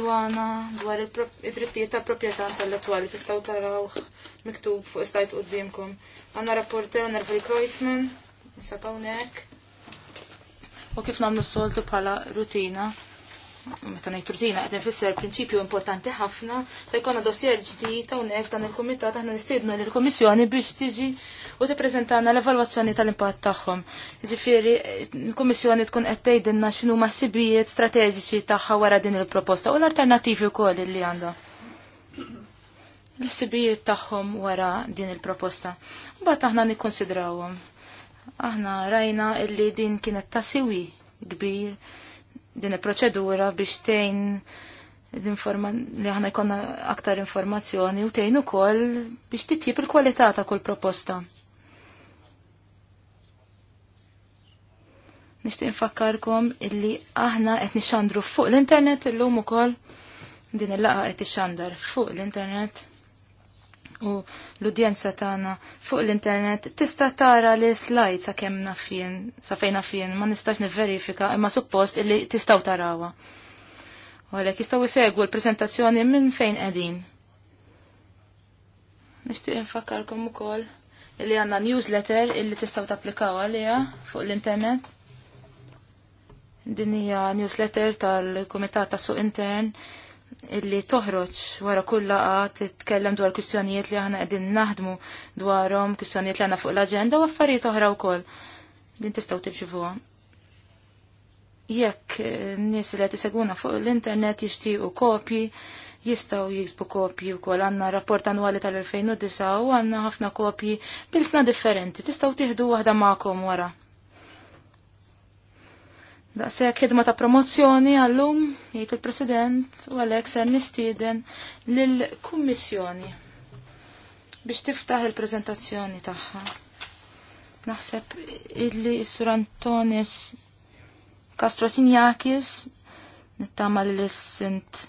dwana dwar id-drittijiet ta' proprjetà intellettwali tistgħu tarawh miktub fuq stajt qudiemkom. Għandna rapporter Nervi Kreuzman, nisab hawnhekk. U kif nagħmlu s-soltu bħala rutina meta ngħid rutina qed nfisser prinċipju importanti ħafna se jkollna dossier ġdid hawnhekk dan il-kumitat aħna nistiednu lill kummissjoni biex tiġi u tippreżentana l-evalwazzjoni tal-impatt tagħhom. Jiġifieri l-Kummissjoni tkun qed tgħidilna x'inhu ħsibijiet strateġiċi tagħha wara din il-proposta u l-alternattivi wkoll li għandha. L-ħsibijiet tagħhom wara din il-proposta. Mbagħad aħna nikkonsidrawhom. Aħna rajna illi din kienet ta' siwi kbir din il-proċedura biex tejn li ħana jkonna aktar informazzjoni u tejn ukoll biex titjib il-kwalità ta' kull proposta. Nishtiq infakkarkom illi aħna qed nixxandru fuq l-internet illum ukoll din il-laqa qed ixxandar fuq l-internet u l-udjenza tagħna fuq l-internet tista' tara li slides sa kemm nafjien, sa fejn nafjien, ma nistax nivverifika imma suppost illi tistgħu tarawha. U għalhekk jistgħu jsegwu l-preżentazzjoni minn fejn qegħdin. Nixtieq nfakkarkom ukoll illi għandna newsletter illi tistgħu tapplikaw għaliha fuq l-internet. Din hija newsletter tal-Kumitat tas-Suq Intern illi toħroġ wara kulla laqa titkellem dwar kwistjonijiet li aħna qegħdin naħdmu dwarhom, kwistjonijiet li għandna fuq l-aġenda u affarijiet oħra wkoll. Din tistgħu tirċivuha. Jekk eh, nies li qed iseguna fuq l-internet jixtiequ kopji, jistgħu jiksbu kopji wkoll għandna rapport annwali tal-2009 u għandna ħafna kopji bil-sna differenti. Tistgħu tieħdu waħda magħkom wara. Daqshekk ħidma ta' promozzjoni għallum jgħid il-President u għalhekk ser nistieden lill-Kummissjoni biex tiftaħ il-preżentazzjoni tagħha. Naħseb illi s-Sur Antonis Castro Sinjakis nittama li l-sint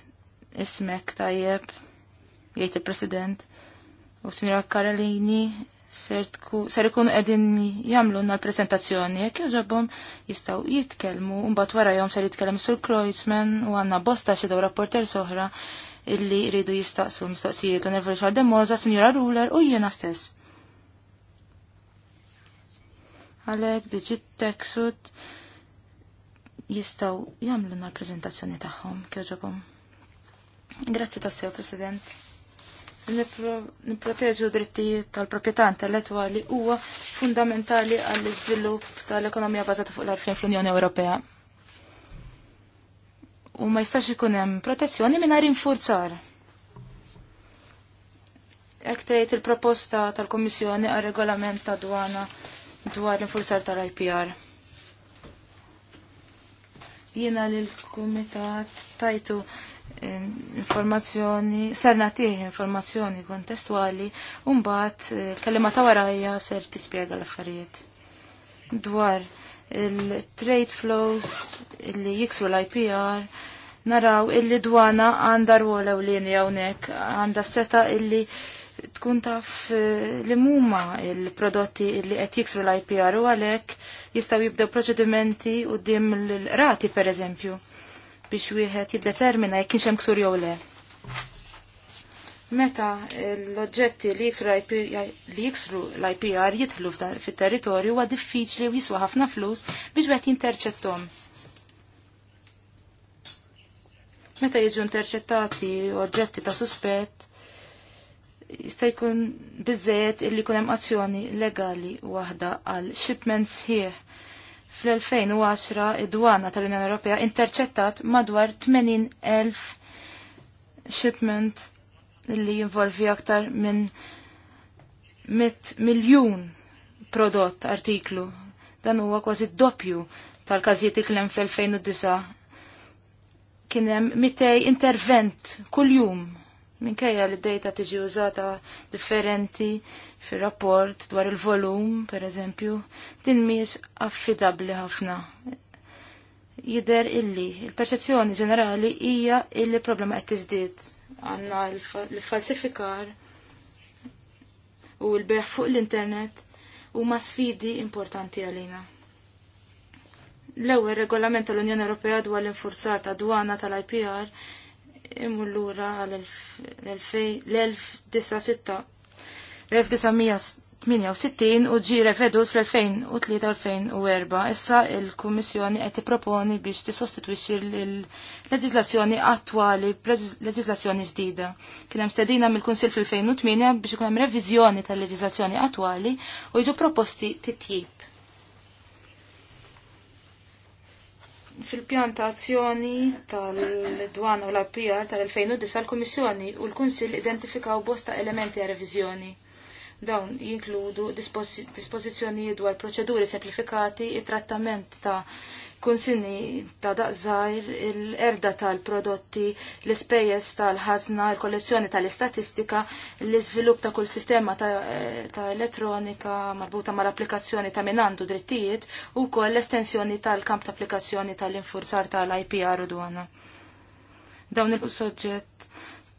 ismek tajjeb jgħid il-President u Sinjora Karolini ser ikun edin jamlu na l-presentazzjoni, jek joġobom jistaw jitkelmu, unbat wara jom ser jitkellem sur Kreuzman u għanna bosta xidaw rapporter soħra illi rridu jistaqsu mistoqsijiet u nervu xar demoza, Signora Ruler u jiena stess. Għalek, diġit teksut jistaw jamlu na l-presentazzjoni taħħom, kjoġobom. Grazzi tassew, President nipproteġu drittijiet tal-proprjetà intellettwali huwa fundamentali għall iżvilupp tal-ekonomija bażata fuq l-arfin fl-Unjoni Ewropea. U ma jistax ikun hemm protezzjoni mingħajr rinforzar. Hekk tgħid il-proposta tal-Kummissjoni għal regolament ta' dwana dwar rinforzar tal-IPR. Jiena lill kumitat tajtu informazzjoni, ser natih informazzjoni kontestwali, umbat il-kalima eh, ta' warajja ser tispiega l-affarijiet. Dwar il-trade flows illi jiksu l-IPR, naraw illi dwana għanda rwola u lini għawnek, għanda seta illi tkun taf eh, li muma il-prodotti li qed jiksru l-IPR u għalhekk jistgħu jibdew proċedimenti u dim l-rati per eżempju biex wieħed jiddetermina jekk kienx hemm ksur jew le. Meta l-oġġetti li jiksru l-IPR jidħlu fit-territorju huwa diffiċli u jiswa ħafna flus biex wieħed jinterċettom. Meta jiġu interċettati oġġetti ta' suspett, jista' jkun biżejjed illi jkun hemm azzjoni legali waħda għal shipments sħiħ Fl-2010 id-dwana tal-Unjoni Ewropea interċettat madwar 80,000 shipment li jinvolvi aktar minn 100 miljun prodott artiklu. Dan huwa kważi doppju tal-każijiet iklem fl-2009 kien hemm 200 intervent kuljum Minkejja li d-data tiġi użata differenti fir-rapport dwar il-volum, per eżempju, din mhijiex affidabbli ħafna. Jider illi il-perċezzjoni ġenerali hija illi problema qed tiżdied Għanna l-falsifikar u l-beħ fuq l-internet huma sfidi importanti għalina. L-ewwel regolament tal-Unjoni Ewropea dwar l-infurzar ta' dwana tal-IPR imur lura l-1968 u ġi revedut fl-2003-2004. Issa il-Kummissjoni qed proponi biex tissostitwixxi l-leġislazzjoni attwali leġislazzjoni ġdida. Kien hemm stedina mill-Kunsill fil-2008 biex ikun hemm reviżjoni tal-leġislazzjoni attwali u jiġu proposti titjib. fil-pjantazzjoni tal-dwana u l-appijar tal-2009 l-Komissjoni u l-Kunsill identifikaw bosta elementi għal reviżjoni. Dawn jinkludu dispożizzjonijiet dwar proċeduri semplifikati, it-trattament ta' kunsini ta' daqżajr il-erda tal-prodotti, l-ispejjeż tal-ħazna, il-kollezzjoni tal-istatistika, l-iżvilupp ta' kull sistema ta' elettronika marbuta mal-applikazzjoni ta' minandu drittijiet u koll l-estensjoni tal-kamp ta' applikazzjoni tal-infurzar tal-IPR u dwana. Dawn il-soġġett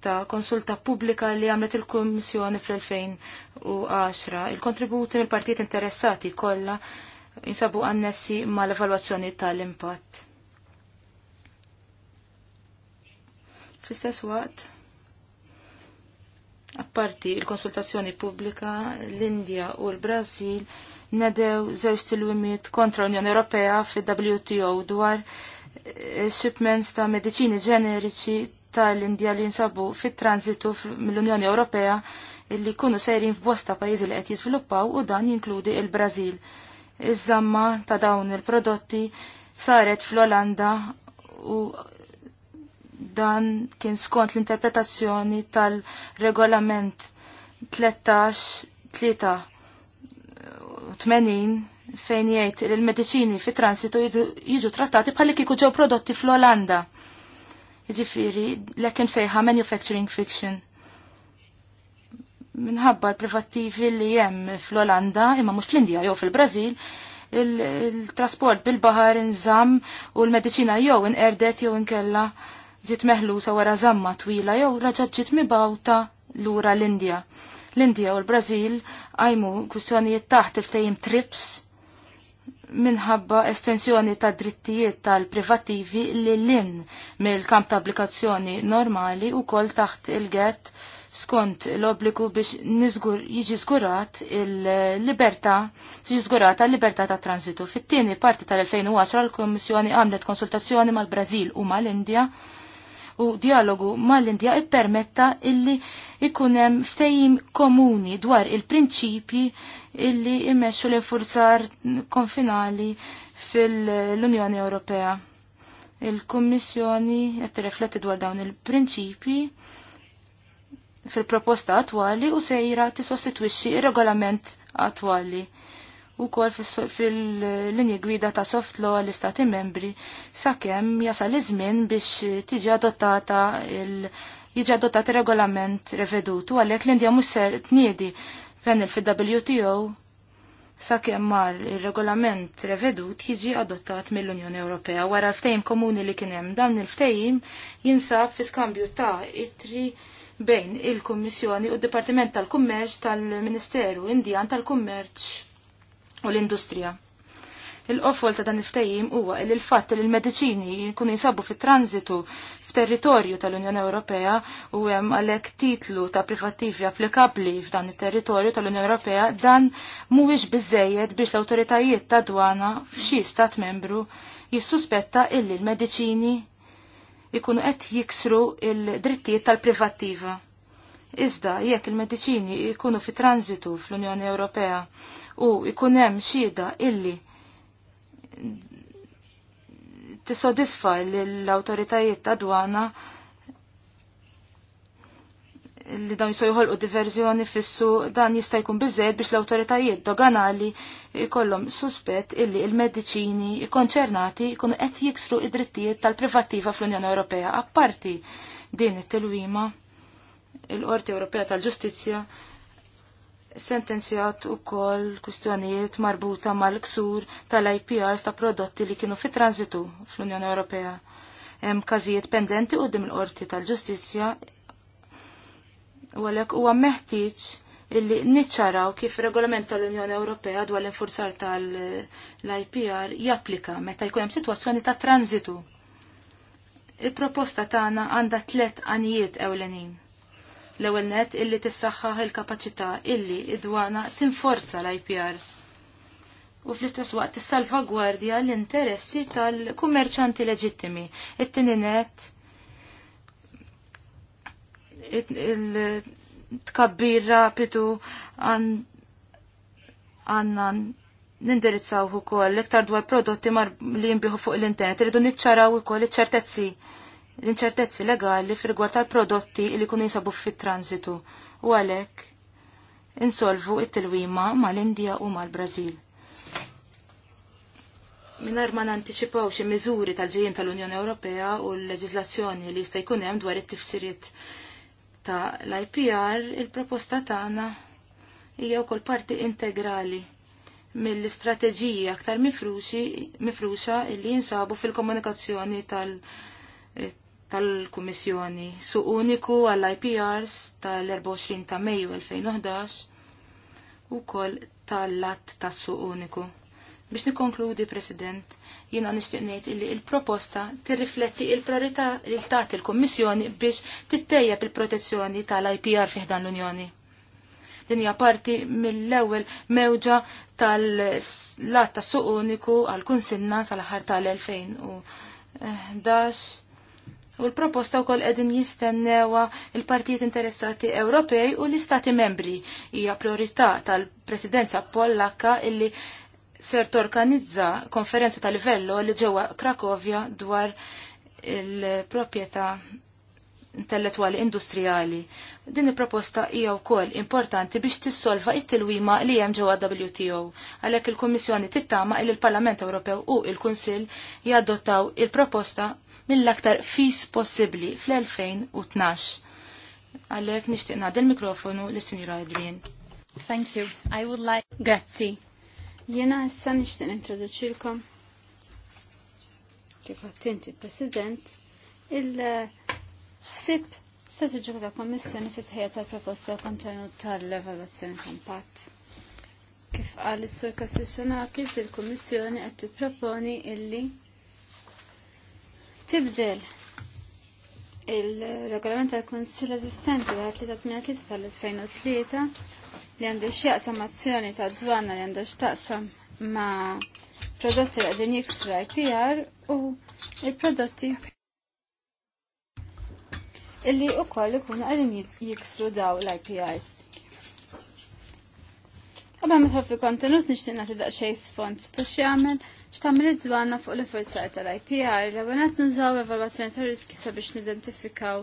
ta' konsulta pubblika li għamlet il-Kummissjoni fl-2010. Il-kontributi mill-partijiet interessati kollha jinsabu ma mal-evalwazzjoni tal-impatt. Fl-istess waqt, apparti il-konsultazzjoni pubblika, l-Indja u l-Brazil nedew żewġ wimit kontra l-Unjoni Ewropea fil-WTO dwar eh, shipments ta' mediċini ġeneriċi tal-Indja li jinsabu fit-transitu mill-Unjoni Ewropea illi kunu sejrin f'bosta pajjiżi li qed jiżviluppaw u dan jinkludi il-Brażil. il brazil brażil iż-żamma ta' dawn il-prodotti saret fl-Olanda u dan kien skont l-interpretazzjoni tal-regolament 13-83 fejn jgħid il-mediċini fi transitu jiġu trattati bħalli kieku ġew prodotti fl-Olanda. Jiġifieri l-ekim sejħa manufacturing fiction minħabba l-privattivi li jem fl-Olanda, imma mux fl-Indija jew fil-Brazil, il-trasport bil-bahar inżam u l-medicina jew inqerdet jew inkella ġit meħlusa wara zamma twila jew raġat ġit mibawta lura l-Indija. L-Indija u l-Brazil għajmu kwistjonijiet taħt il ftajim trips minħabba estensjoni ta' drittijiet tal-privattivi li l-in mill-kamp ta' applikazzjoni normali u kol taħt il-get skont l-obbligu biex jiġi żgurat il-libertà, tiġi żgurata l-libertà ta' transitu. Fit-tieni parti tal-2010 l kummissjoni għamlet konsultazzjoni mal-Brażil u mal-Indja u dialogu mal-Indja ippermetta illi ikunem ftejim komuni dwar il-prinċipji illi immexxu l-infurzar konfinali fil-Unjoni Ewropea. Il-Kummissjoni qed tirrifletti dwar dawn il-prinċipji fil-proposta attwali u sejra tisostitwixxi ir-regolament attwali u kol fil-linji gwida ta' soft law l-istati membri sakemm jasal iż-żmien biex tiġi adottata il- jiġi adottat regolament revedut u għalhekk l-Indja mhux ser tniedi panel fil-WTO sakemm mar ir-regolament revedut jiġi adottat mill-Unjoni Ewropea wara l-ftehim komuni li kien hemm dan il-ftehim jinsab fi skambju ta' itri bejn il-Kummissjoni u d-Dipartiment tal-Kummerċ tal-Ministeru Indian tal-Kummerċ u l-Industrija. Il-qofol ta' dan il-ftejim huwa li l-fatt li l-mediċini jkunu jinsabu fit-transitu f'territorju tal-Unjoni Ewropea u hemm għalhekk titlu ta' privattivi applikabbli f'dan it-territorju tal-Unjoni Ewropea dan mhuwiex biżejjed biex l-awtoritajiet ta' dwana f'xi stat membru jissuspetta illi l-mediċini ikunu qed jiksru il-drittijiet tal-privattiva. Iżda jekk il-mediċini ikunu fi transitu fl-Unjoni Ewropea u ikun hemm xhieda illi tisodisfa l-awtoritajiet ta' dwana li dawn jistaw jħolqu diverżjoni fissu dan jista' jkun biżejjed biex l-awtoritajiet doganali jkollhom suspett illi il-mediċini konċernati jkunu qed jiksru id-drittijiet tal-privattiva fl-Unjoni Ewropea. Apparti din it-tilwima il-Qorti Ewropea tal-Ġustizzja sentenzjat u koll kustjonijiet marbuta mal-ksur tal-IPRs ta' prodotti li kienu fit transitu fl-Unjoni Ewropea. Hemm każijiet pendenti qudiem il-Qorti tal-Ġustizzja U għalhekk huwa meħtieġ illi niċċaraw kif regolament tal-Unjoni Ewropea dwar l-infurzar tal-IPR japplika meta jkun hemm sitwazzjoni ta' transitu. Il-proposta tagħna għandha tliet għanijiet ewlenin. L-ewwel net illi tissaħħaħ il-kapaċità illi id-dwana tinforza l-IPR u fl-istess waqt tissalvagwardja l-interessi tal-kummerċanti leġittimi. It-tini net il-tkabbir rapidu għannan nindirizzaw u kol l-iktar dwar prodotti mar li jimbiħu fuq l-internet. Irridu nitċaraw u kol ċertezzi l-inċertezzi legali fil-rigward tal-prodotti li kun jinsabu fit-transitu u għalek insolvu it-tilwima mal-Indija u mal-Brazil. Minar ma nantiċipaw xi miżuri tal-ġejjin tal-Unjoni Ewropea u l leġizlazzjoni li jista' jkun hemm dwar it-tifsiriet ta' l-IPR il-proposta tagħna hija wkoll parti integrali mill-istrateġija aktar mifruxa li jinsabu fil-komunikazzjoni eh, tal-Kummissjoni tal su uniku għall-IPRs tal-24 ta' Mejju 2011 u kol tal-lat tas su uniku. Biex nikonkludi, President, jina nishtiqnejt illi il-proposta tirrifletti il-priorità li tat il-Kommissjoni biex tittejjeb il-protezzjoni tal-IPR fiħdan l-Unjoni. Din hija parti mill-ewwel mewġa tal latta suqoniku uniku għal kunsinna sal-aħħar tal-2011 u l-proposta wkoll qegħdin jistennewa il-partijiet interessati Ewropej u l-Istati membri hija priorità tal-Presidenza Pollakka illi ser torganizza konferenza tal livello li ġewwa Krakovja dwar il-proprjetà intellettuali industrijali. Din il-proposta hija wkoll importanti biex tissolva it-tilwima li hemm ġewwa WTO. Għalhekk il-Kummissjoni tittama il il-Parlament Ewropew u il-Kunsill jadottaw il-proposta mill-aktar fis possibbli fl-2012. Għalhekk nixtieq nagħdi il-mikrofonu lis sinjura Edrin. Thank you. I would like Grazzi. Jena issa nixtieq introduċilkom kif attenti President il-ħsib strateġiku ta' Kommissjoni fi ħejja tal-proposta kontenut tal-evaluazzjoni ta' impatt. Kif qal is-Sur Kassissanakis, il-Kummissjoni qed tipproponi illi tibdel il-regolament tal-Konsil eżistenti għal 383 tal-2003 li għandu x'jaqsam azzjoni ta' dwana li għandu x'taqsam ma' prodotti li għadin jiksru IPR u il-prodotti illi u koll ikunu għadin jiksru daw l-IPRs. Għabba mitħol fi kontenut nishtin għati daqxej sfond ta' xiamen, xtamil id-dwana fuq l forsaj tal-IPR, li għabanat nżaw evalwazzjoni ta' riski sabiex nidentifikaw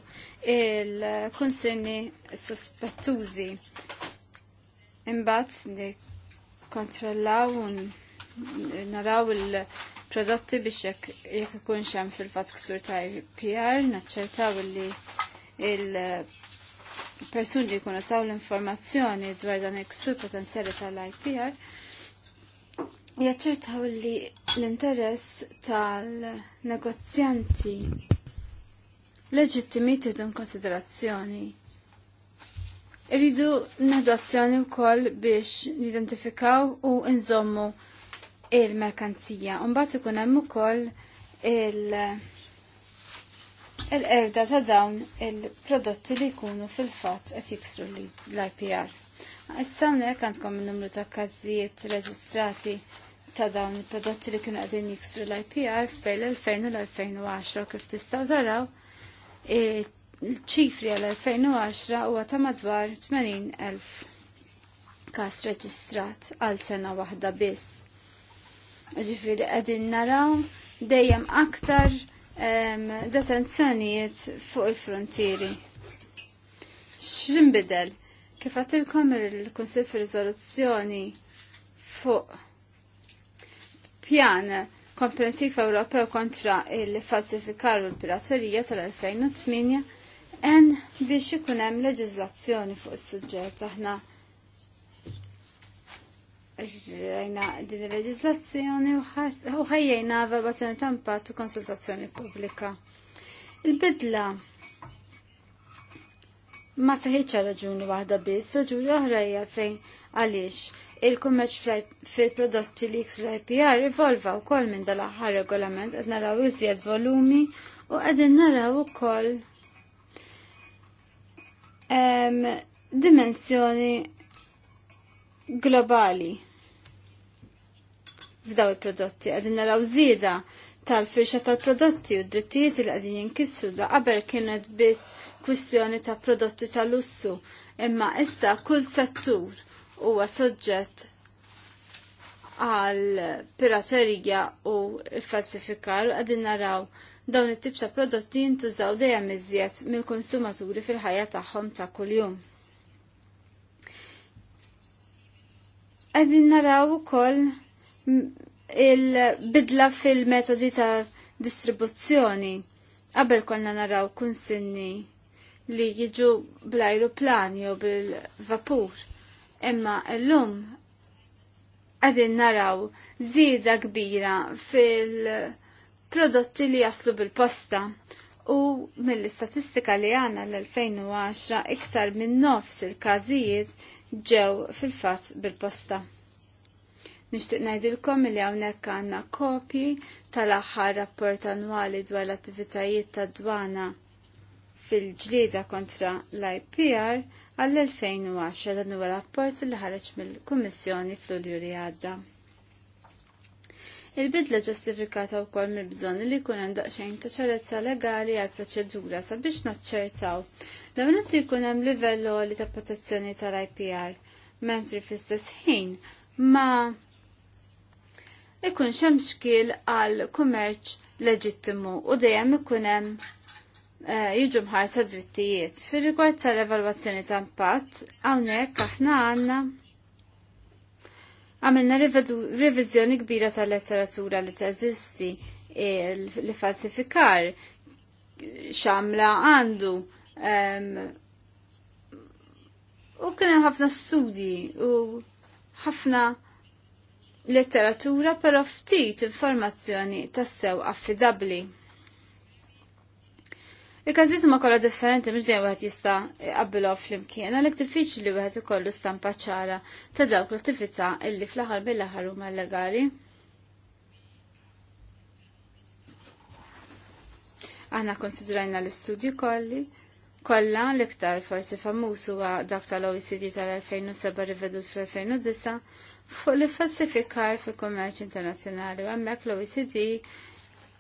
il-konsenni sospettużi imbagħad li kontrollaw naraw il-prodotti biex jekk ikun xem fil-fatt ksur ta' PR, naċċertaw li il-persuni li jkunu taw l-informazzjoni dwar dan il-ksur ta' tal-IPR, jaċċertaw li l-interess tal-negozjanti leġittimiti dun konsiderazzjoni Irridu naħdu azzjoni wkoll biex nidentifikaw u nżommu il-merkanzija. Mbagħad ikun hemm ukoll il-erda ta' dawn il-prodotti li jkunu fil-fatt qed jiksru l-IPR. Issa hawnhekk għandkom il-numru ta' każijiet reġistrati ta' dawn il-prodotti li kienu għadin jiksru l-IPR fej l-2000 u l-2010 kif tistaw taraw l-ċifri għal-2010 huwa ta' madwar 80,000 kas reġistrat għal sena waħda biss. Ġifiri qegħdin naraw dejjem aktar detenzjonijiet fuq il-frontieri. X'inbidel? Kif għatilkom il-Konsil fi Rizoluzzjoni fuq pjan komprensiv Ewropew kontra il-falsifikar u l-piraterija tal-2008 en biex ikun hemm leġiżlazzjoni fuq is-suġġett aħna rajna din il-leġiżlazzjoni u ħajjejna valutazzjoni ta' impatt u konsultazzjoni pubblika. Il-bidla ma saħiċ raġuni waħda biss, raġuni oħra fejn għaliex il-kummerċ fil-prodotti li jiksu l-IPR rivolva wkoll minn dal-aħħar regolament qed naraw iżjed volumi u qegħdin naraw ukoll dimensjoni globali f'daw il-prodotti. Għadin naraw zida tal-firxa tal-prodotti u drittijiet li għadin jinkissru da qabel kienet biss kwistjoni ta' prodotti tal-lussu imma issa kull settur huwa soġġett għal piraterija u falsifikar għadin naraw Dawn it-tip ta' prodotti jintużaw dejjem iżjed mill-konsumaturi fil-ħajja tagħhom ta' kuljum. Qegħdin naraw ukoll il-bidla fil-metodi ta' distribuzzjoni. Qabel konna naraw kunsinni li jiġu bl-ajruplan jew bil-vapur. Imma llum qegħdin naraw żieda kbira fil- prodotti li jaslu bil-posta. U mill-istatistika li għana l-2010 iktar minn nofs il-kazijiet ġew fil-fat bil-posta. Nishtiq najdilkom li hawnhekk għandna kopji tal-aħħar rapport annwali dwar l-attivitajiet ta' dwana fil-ġlieda kontra l-IPR għall-2010 dan huwa rapport li ħareġ mill-Kummissjoni fl-Ulju li għadda. Il-bidla ġustifikata wkoll mill-bżonn li jkun hemm daqsxejn ta' ċarezza legali għal proċedura sabiex naċċertaw. Dawn qed jkun hemm livell li ta' protezzjoni tal-IPR, mentri fl-istess ħin ma ikun xem xkil għal kummerċ leġittimu u dejjem ikun hemm eh, jiġu mħarsa drittijiet. Fil-rigward tal-evalwazzjoni ta' impatt, hawnhekk aħna għandna Għamilna revizjoni kbira tal-letteratura li teżisti e, li falsifikar xamla għandu u kien ħafna studji u ħafna letteratura però ftit informazzjoni tassew affidabli. Il-każiet huma kollha differenti mhux dejjem wieħed jista' jqabbilhom flimkien għalhekk diffiċli wieħed ikollu stampa ċara ta' dawk l-attività illi fl-aħħar mill-aħħar huma legali. Aħna konsidrajna l-istudju kolli kollha l-iktar forsi famuż huwa dak tal-OECD tal-2007 rivedut fl-2009 fuq li falsifikar fil-kummerċ internazzjonali u hemmhekk l-OECD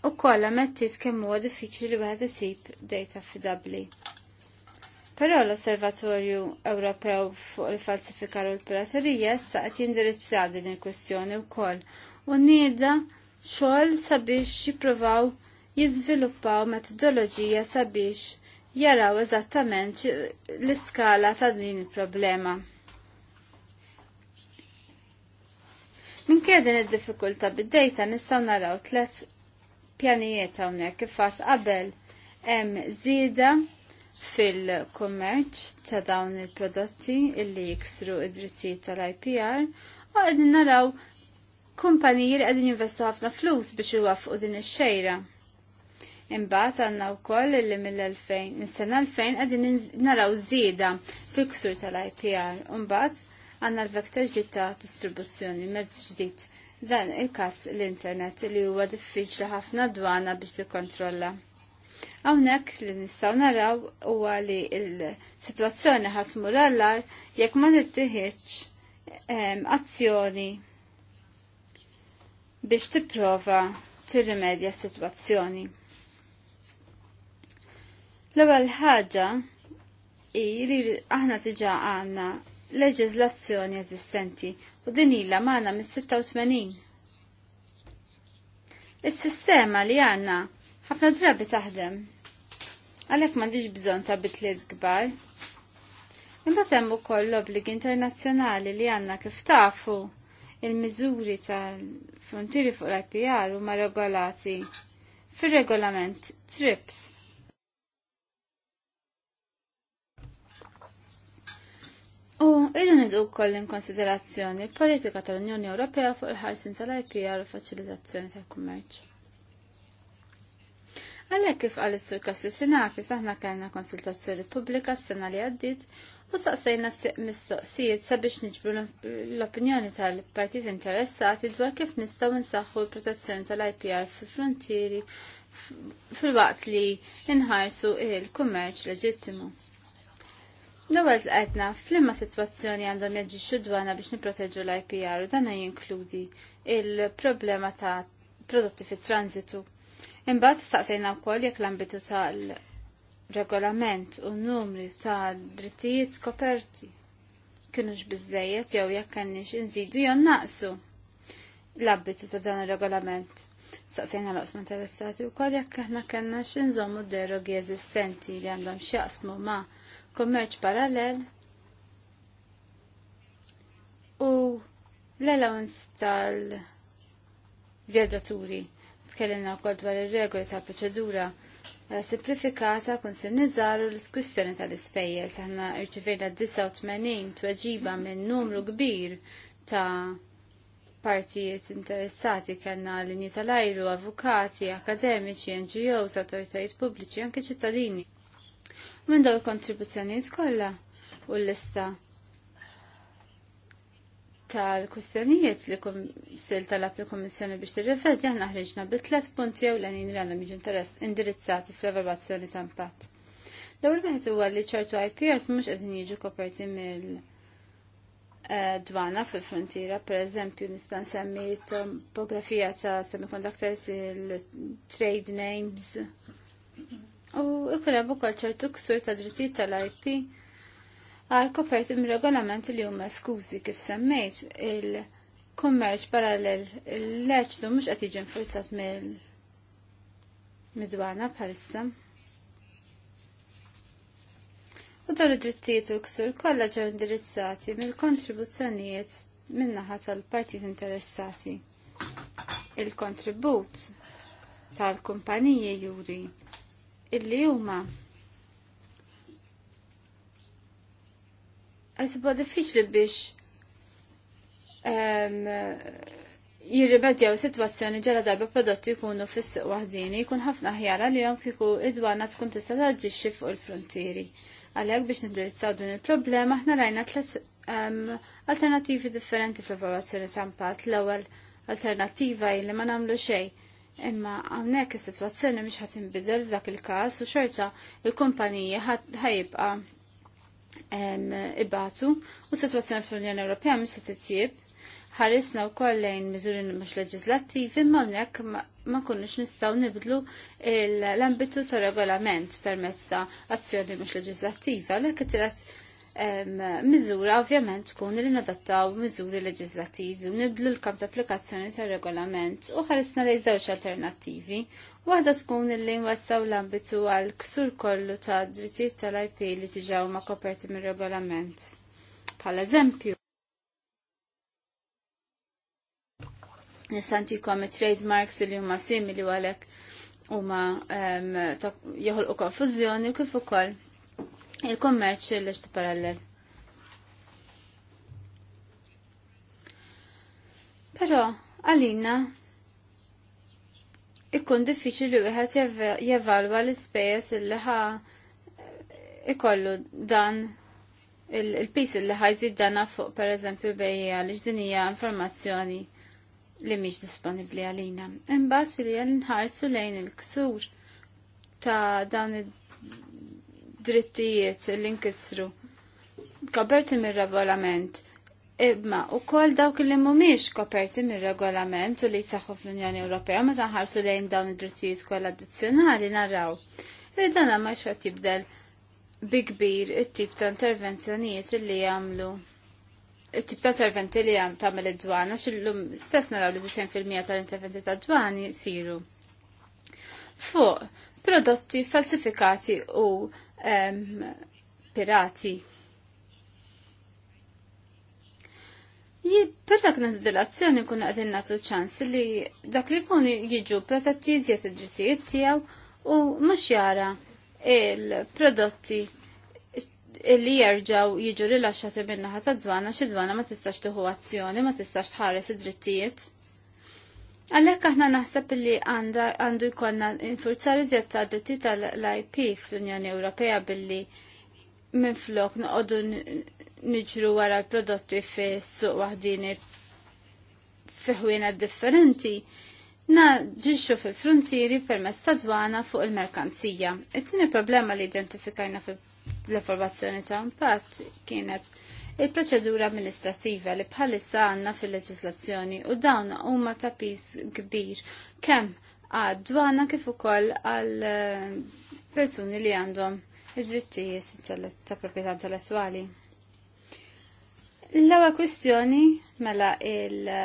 u kolla mettis kemm huwa diffiċli li wieħed isib data affidabli. Però l-Osservatorju Ewropew fuq il-falsifikar u l-piraterija saqt qed jindirizza din il-kwestjoni wkoll u nida xogħol sabiex jippruvaw jizviluppaw metodoloġija sabiex jaraw eżattament l-iskala ta' din il-problema. Minn din id difikulta bid-dejta nistgħu naraw tliet pjanijiet hawnhekk kif fatt qabel hemm żieda fil-kummerċ ta' dawn il-prodotti illi jiksru id-drittijiet tal-IPR u qegħdin naraw kumpaniji li qegħdin jinvestu ħafna flus biex u din ix-xejra. Imbagħad għandna wkoll illi mill-2000 mis-sena 2000 qegħdin naraw żieda fil-ksur tal-IPR u mbagħad għandna l-vektor ġdid ta' distribuzzjoni mezz ġdid dan il-kas l-internet li huwa diffiċli ħafna dwana biex tikkontrolla. Hawnhekk li nistgħu naraw huwa li l-sitwazzjoni ħadd tmur allar jekk ma nittieħiġ ehm, azzjoni biex tipprova tirrimedja s-sitwazzjoni. L-ewwel ħaġa hi li aħna diġà għandna leġiżlazzjoni eżistenti u din ilha magħna mis-86. Is-sistema li għandna ħafna drabi taħdem. Għalhekk m'għandix bżonn ta' bitliet kbar. Imbagħad hemm ukoll l-obbligi internazzjonali li għandna kif tafu il-miżuri tal-frontieri fuq l-IPR huma regolati fir-regolament TRIPS U illu id koll konsiderazzjoni politika tal-Unjoni Ewropea fuq il-ħarsin tal-IPR u faċilitazzjoni tal-kummerċ. Għalek kif għal sur Kastri Sinaki saħna kellna konsultazzjoni pubblika s-sena li għaddit u saqsajna mistoqsijiet sabiex niġbru l-opinjoni tal-partit interessati dwar kif nistaw nsaħħu l-protezzjoni tal-IPR fil-frontieri fil-waqt li inħarsu il-kummerċ leġittimu. L-ewwel tqedna f'liema sitwazzjoni għandhom jadġi xudwana biex nipproteġu l-IPR u dan jinkludi il-problema ta' prodotti fit transitu Imbagħad staqsejna wkoll jekk l-ambitu tal-regolament u n-numri ta' drittijiet koperti kienux biżejjed jew jekk kenniex inżidu jew naqsu l-ambitu ta' dan ir-regolament. Staqsejna l-oqsma interessati wkoll jekk aħna kellna x'inżommu d-derogi eżistenti li għandhom x'jaqsmu ma' kummerċ parallel u l-allowance tal-vjaġġaturi. Tkellimna wkoll dwar ir-regoli tal-proċedura eh, simplifikata kun se niżaru l-kwistjoni tal-ispejjeż aħna rċivejna 89 tweġiba minn numru kbir ta' partijiet interessati kellna linji tal-ajru, avukati, akademiċi, NGOs, autoritajiet pubbliċi, anke ċittadini minn daw il-kontribuzzjonijiet kollha u l-lista tal-kustjonijiet li kum sil tal-app li kommissjoni biex tirrifed jahna ħriġna bi tlet punti jew l-għanin li għandhom interess indirizzati fl evaluazzjoni ta' impatt. L-ewwel wieħed huwa li ċertu IPRs mhux qegħdin jiġu koperti mill eh, dwana fil-frontiera, per eżempju nistan semmi topografija ta' semiconductors, il-trade names, U ikolab ukoll ċertu ksur ta' drittijiet tal-IP għal koperti mir-regolament li huma skużi kif semmejt il-kummerċ parallel il-leċdu mhux qed jiġi nfurzat mill-midwana bħalissa. U dawn id-drittijiet u ksur kollha ġew indirizzati mill-kontribuzzjonijiet min-naħa tal-partit interessati. Il-kontribut tal-kumpaniji juri illi huma Għasibba diffiċli biex um, ehm, jirribadjaw situazzjoni ġara darba prodotti jkunu fiss waħdini, jkun ħafna ħjara li jom kiku id tkun tista xif fuq il-frontieri. Għalek biex nindirizzaw din il-problema, ħna rajna tlet um, ehm, alternativi differenti fl-evaluazzjoni ċampat. L-ewel alternativa li ma namlu xej Imma għawnek il-situazzjoni miex ħatim bidel f'dak il-kas u xorta il-kumpanija ħajibqa ibatu u situazzjoni fl-Unjoni Ewropea miex se titjib. Ħarisna u kollejn miżuri mhux leġislattivi imma għawnek ma kunniex nistaw nibdlu l-ambitu ta' regolament permezz ta' azzjoni mhux leġislattiva l-ek miżura ovvjament tkun li nadattaw miżuri leġislativi u niblu l-kam applikazzjoni ta' regolament u ħarisna li żewġ alternattivi. Waħda tkun li nwassaw l-ambitu għal ksur kollu ta' drittijiet tal-IP li tiġaw ma' koperti mir regolament Pal eżempju, nistantikom trademarks li huma simili għalek huma um, joħolqu konfużjoni kif ukoll il-kommerċ li xtiparallel. Pero, għalina, ikkun diffiċli li wieħed jevalwa l-ispejjeż il ħa eh, ikollu dan il-pis il li ħajżid dana fuq pereżempju bejja li ġdinija informazzjoni li mhix disponibbli għalina. Imbagħad li nħarsu lejn il-ksur ta' dawn drittijiet li nkissru Koperti mir-regolament. Imma u kol dawk li mumiex koperti mir-regolament u li saħħu fl-Unjoni Ewropea meta nħarsu lejn dawn id-drittijiet kollha addizzjonali narraw. Li dana ma xogħod jibdel bi kbir it-tip ta' intervenzjonijiet li jamlu. it-tip ta' interventi li għam tamel id-dwana, xillum stess naraw li 90% tal-interventi ta' dwani siru. Fuq, prodotti falsifikati u pirati. Per dak dilazzjoni kun għadin natu ċans li dak li kun jiġu protetti zjet id-drittijiet tijaw u mux jara il-prodotti li jerġaw jiġu rilaxxati minnaħa ta' dwana xi dwana ma tistax tuħu azzjoni, ma tistax tħares id-drittijiet. Għalhekk aħna naħseb li għandu jkollna infurzar iżjed ta' dritti tal-IP fl-Unjoni Ewropea billi minflok noqogħdu niġru wara l-prodotti fis-suq wahdini fi ħwienet differenti, ġiġu fil-frontieri permezz ta' dwana fuq il-merkanzija. It-tieni problema li identifikajna fil-informazzjoni ta' impatt kienet il-proċedura amministrativa li bħalissa għanna fil-leġislazzjoni u dawn huma ta' pis kbir kemm għad-dwana kif ukoll għal eh, persuni li għandhom id-drittijiet ta' proprjetà intellettwali. L-ewwel kwistjoni mela il-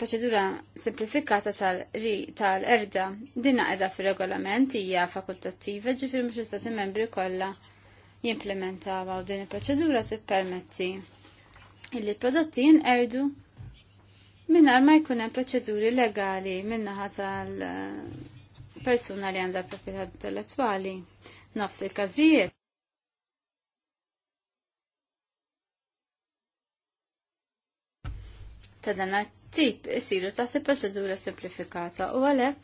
proċedura simplifikata tal-erda tal dina edha fil regolament hija fakultattiva ġifir mhux istati membri kollha jimplementawa u din il-proċedura tippermetti illi l-prodotti jinqerdu minnar ma jkun hemm proċeduri legali minnaħa tal-persuna li għandha proprjetà intellettwali. Nofs il-każijiet ta' dan tip isiru ta' proċedura simplifikata u għalhekk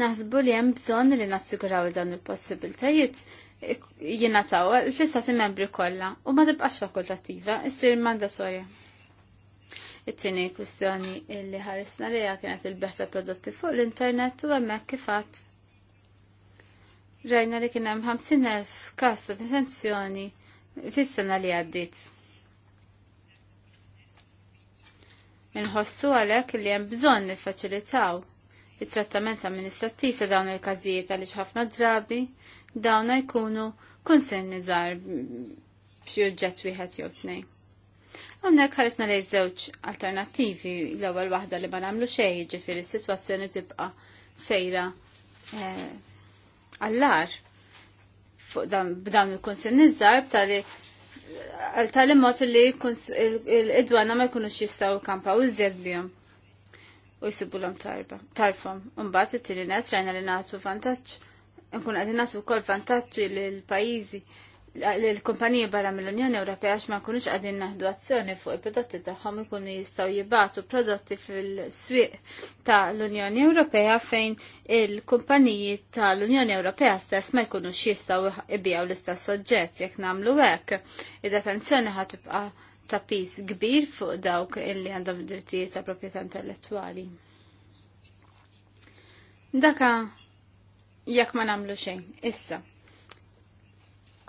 naħsbu li hemm bżonn li nassiguraw dawn il-possibiltajiet jingħataw fl istat membri kollha u ma tibqax fakultattiva, issir mandatorja. It-tieni kwistjoni li ħarisna liha kienet il-beħsa prodotti fuq l-internet u hemmhekk kifat rajna li kien hemm 50,000 każ ta' detenzjoni fis-sena li għaddiet. Inħossu għalhekk li hemm bżonn niffaċilitaw it-trattament amministrattiv fi dawn il-każijiet għaliex ħafna drabi dawn jkunu konsenni żgħar b'xi oġġett wieħed jew tnejn. Hawnhekk ħaresna lejn żewġ alternattivi l-ewwel waħda li ma nagħmlu xejn jiġifieri s-sitwazzjoni tibqa' sejra eh, għallar fuq b'dawn il-konsenni żgħar b'tali tal-immot li l-idwana ma jkunux jistaw kampaw iżjed bihom u jisibu l-om tarfom. Umbat it-tini net rajna li natu vantaċ, nkun għadin natu kol vantaċ l-pajizi, l-kumpanija barra mill-Unjoni Ewropea għax ma nkunux għadin naħdu azzjoni fuq il-prodotti tagħhom ikunu jistgħu jibatu prodotti fil-swieq ta' l-Unjoni Ewropea fejn il-kumpaniji ta' l-Unjoni Ewropea stess ma jkunux jistgħu jbijaw l-istess soġġett jekk nagħmlu hekk. id defenzjoni ħatibqa' ta' pis kbir fuq dawk illi għandhom id-drittijiet ta' proprjetà intellettwali. Daka jekk ma nagħmlu xejn, issa.